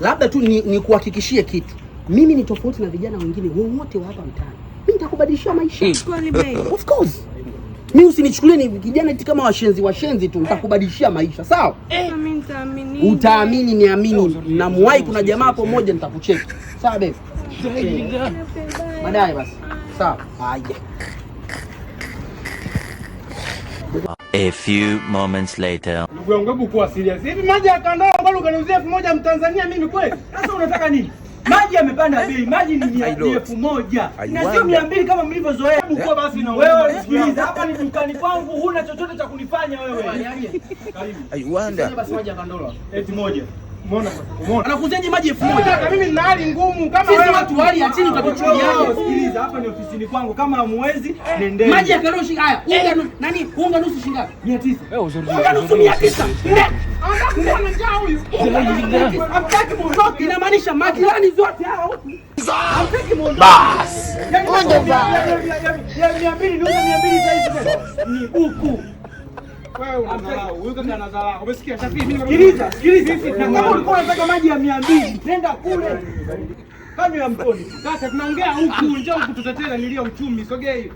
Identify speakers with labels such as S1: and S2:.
S1: labda tu nikuhakikishie ni kitu, mimi ni tofauti na vijana wengine wowote wa hapa mtaani. Mimi nitakubadilishia maisha
S2: hmm. of course.
S1: Mimi usinichukulie ni kijana eti kama washenzi washenzi tu, nitakubadilishia maisha sawa. Eh. Utaamini niamini, na kuna jamaa hapo mmoja nitakucheki sawa, babe, eh. baadaye basi sawa. Haya.
S3: A few moments later.
S1: Ndugu yangu hebu kuwa serious. Hivi maji ya kandaa ambalo ukaniuzia elfu moja Mtanzania mimi kweli? Sasa unataka nini? Maji yamepanda bei, maji ni elfu moja na sio mia mbili kama mlivyozoea. Hebu kuwa basi na wewe, sikiliza hapa ni dukani kwangu, huna chochote cha kunifanya wewe. Karibu. I wonder.
S4: Basi maji ya kandola.
S1: Eti moja. Umeona umeona? Anakuzaje maji elfu moja? mimi nina hali ngumu kama wewe. Sisi watu hali ya chini tutakuchukuliaje? Sikiliza, hapa ni ofisini kwangu kama hamwezi nendeni. Maji ya kero shilingi haya. Unga nani? Unga nusu shilingi ngapi? 900. Wewe uzuri. Unga nusu 900. Anataka kuona njaa huyu. Amtaki mtoke inamaanisha majirani zote hao. Amtaki mtoke. Bas. Unga ba. 200 ni unga 200 zaidi. Ni buku. Kama unataka maji ya mia mbili nenda kule kando ya mtoni. Sasa tunaongea huku, njoo kututetea nilio uchumi, sogea hiyo